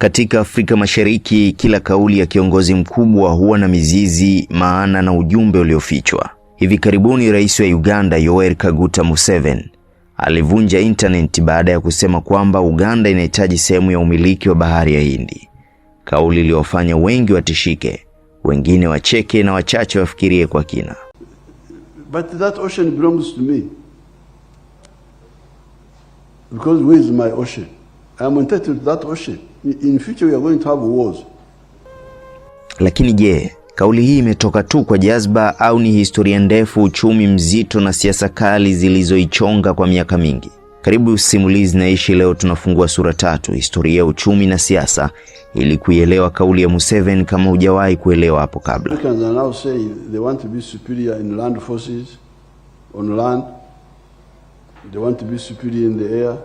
Katika Afrika Mashariki, kila kauli ya kiongozi mkubwa huwa na mizizi, maana na ujumbe uliofichwa. Hivi karibuni rais wa Uganda Yoweri Kaguta Museveni alivunja intaneti baada ya kusema kwamba Uganda inahitaji sehemu ya umiliki wa bahari ya Hindi, kauli iliyofanya wengi watishike, wengine wacheke na wachache wafikirie kwa kina. But that ocean belongs to me. Because where is my ocean? I am entitled to that ocean in future we are going to have wars. Lakini je, kauli hii imetoka tu kwa jazba au ni historia ndefu, uchumi mzito na siasa kali zilizoichonga kwa miaka mingi? Karibu Simulizi zinaishi Leo tunafungua sura tatu, historia ya uchumi na siasa, ili kuielewa kauli ya Museveni kama hujawahi kuelewa hapo kabla. They want to be superior in the air.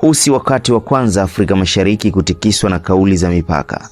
Huu si wakati wa kwanza Afrika Mashariki kutikiswa na kauli za mipaka.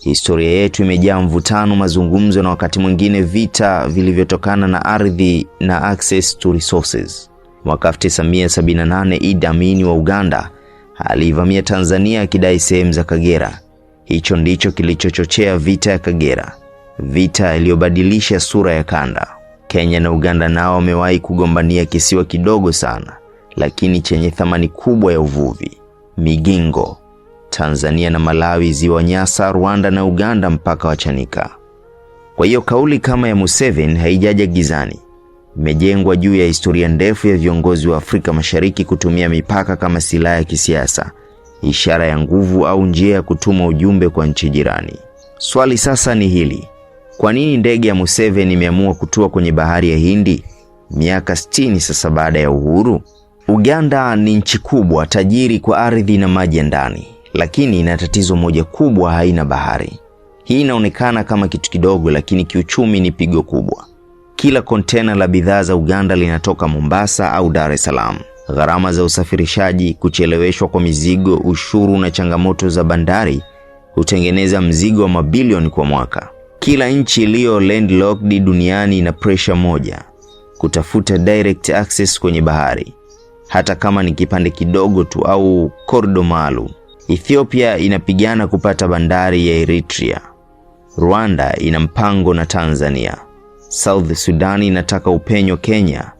Historia yetu imejaa mvutano, mazungumzo na wakati mwingine vita vilivyotokana na ardhi na access to resources. Mwaka 1978 Idi Amin wa Uganda aliivamia Tanzania akidai sehemu za Kagera. Hicho ndicho kilichochochea vita ya Kagera, vita iliyobadilisha sura ya kanda. Kenya na Uganda nao wamewahi kugombania kisiwa kidogo sana lakini chenye thamani kubwa ya uvuvi, migingo. Tanzania na Malawi ziwa Nyasa, Rwanda na Uganda mpaka wa Chanika. Kwa hiyo kauli kama ya Museveni haijaja gizani, imejengwa juu ya historia ndefu ya viongozi wa Afrika Mashariki kutumia mipaka kama silaha ya kisiasa, ishara ya nguvu au njia ya kutuma ujumbe kwa nchi jirani. Swali sasa ni hili: kwa nini ndege ya Museveni imeamua kutua kwenye bahari ya Hindi miaka 60 sasa baada ya uhuru? Uganda ni nchi kubwa tajiri kwa ardhi na maji ya ndani, lakini ina tatizo moja kubwa, haina bahari. Hii inaonekana kama kitu kidogo, lakini kiuchumi ni pigo kubwa. Kila kontena la bidhaa za Uganda linatoka Mombasa au Dar es Salaam. Gharama za usafirishaji, kucheleweshwa kwa mizigo, ushuru na changamoto za bandari hutengeneza mzigo wa mabilioni kwa mwaka. Kila nchi iliyo landlocked duniani ina pressure moja, kutafuta direct access kwenye bahari hata kama ni kipande kidogo tu au korido maalum. Ethiopia inapigana kupata bandari ya Eritrea. Rwanda ina mpango na Tanzania. South Sudan inataka upenyo Kenya.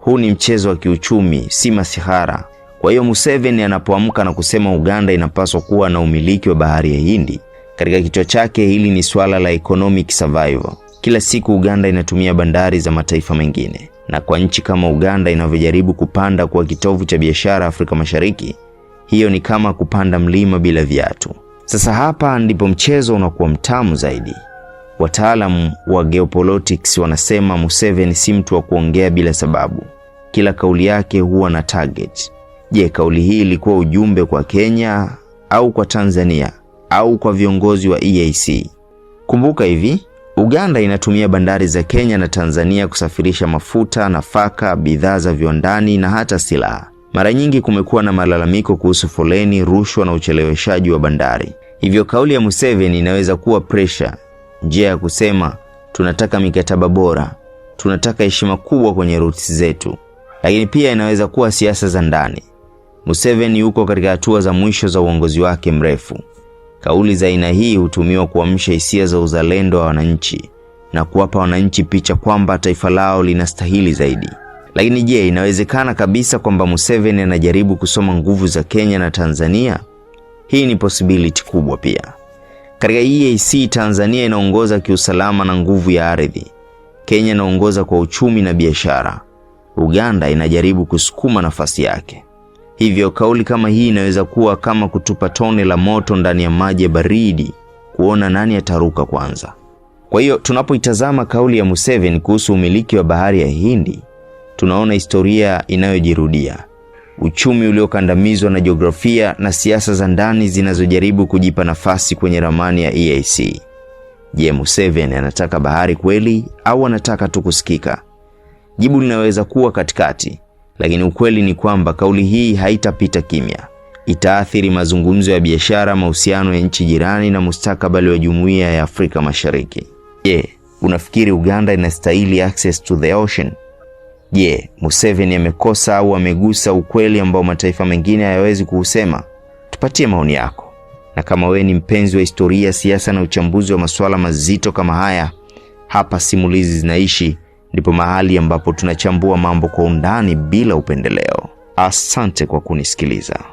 Huu ni mchezo wa kiuchumi, si masihara. Kwa hiyo Museveni anapoamka na kusema Uganda inapaswa kuwa na umiliki wa bahari ya Hindi, katika kichwa chake hili ni swala la economic survival. Kila siku Uganda inatumia bandari za mataifa mengine na kwa nchi kama Uganda inavyojaribu kupanda kuwa kitovu cha biashara Afrika Mashariki, hiyo ni kama kupanda mlima bila viatu. Sasa hapa ndipo mchezo unakuwa mtamu zaidi. Wataalamu wa geopolitics wanasema Museveni si mtu wa kuongea bila sababu. Kila kauli yake huwa na target. Je, kauli hii ilikuwa ujumbe kwa Kenya au kwa Tanzania au kwa viongozi wa EAC? Kumbuka hivi, Uganda inatumia bandari za Kenya na Tanzania kusafirisha mafuta, nafaka, bidhaa za viwandani na hata silaha. Mara nyingi kumekuwa na malalamiko kuhusu foleni, rushwa na ucheleweshaji wa bandari. Hivyo kauli ya Museveni inaweza kuwa presha, njia ya kusema tunataka mikataba bora, tunataka heshima kubwa kwenye ruti zetu, lakini pia inaweza kuwa siasa za ndani. Museveni yuko katika hatua za mwisho za uongozi wake mrefu. Kauli za aina hii hutumiwa kuamsha hisia za uzalendo wa wananchi na kuwapa wananchi picha kwamba taifa lao linastahili zaidi. Lakini je, inawezekana kabisa kwamba Museveni anajaribu kusoma nguvu za Kenya na Tanzania? Hii ni possibility kubwa pia. Katika EAC Tanzania inaongoza kiusalama na nguvu ya ardhi. Kenya inaongoza kwa uchumi na biashara. Uganda inajaribu kusukuma nafasi yake. Hivyo kauli kama hii inaweza kuwa kama kutupa tone la moto ndani ya maji ya baridi, kuona nani ataruka kwanza. Kwa hiyo tunapoitazama kauli ya Museveni kuhusu umiliki wa bahari ya Hindi, tunaona historia inayojirudia, uchumi uliokandamizwa na jiografia na siasa za ndani zinazojaribu kujipa nafasi kwenye ramani ya EAC. Je, Museveni anataka bahari kweli au anataka tu kusikika? Jibu linaweza kuwa katikati lakini ukweli ni kwamba kauli hii haitapita kimya. Itaathiri mazungumzo ya biashara, mahusiano ya nchi jirani na mustakabali wa jumuiya ya Afrika Mashariki. Je, unafikiri Uganda inastahili access to the ocean? Je, Museveni amekosa au amegusa ukweli ambao mataifa mengine hayawezi kuusema? Tupatie maoni yako, na kama wewe ni mpenzi wa historia, siasa na uchambuzi wa masuala mazito kama haya, hapa Simulizi Zinaishi ndipo mahali ambapo tunachambua mambo kwa undani bila upendeleo. Asante kwa kunisikiliza.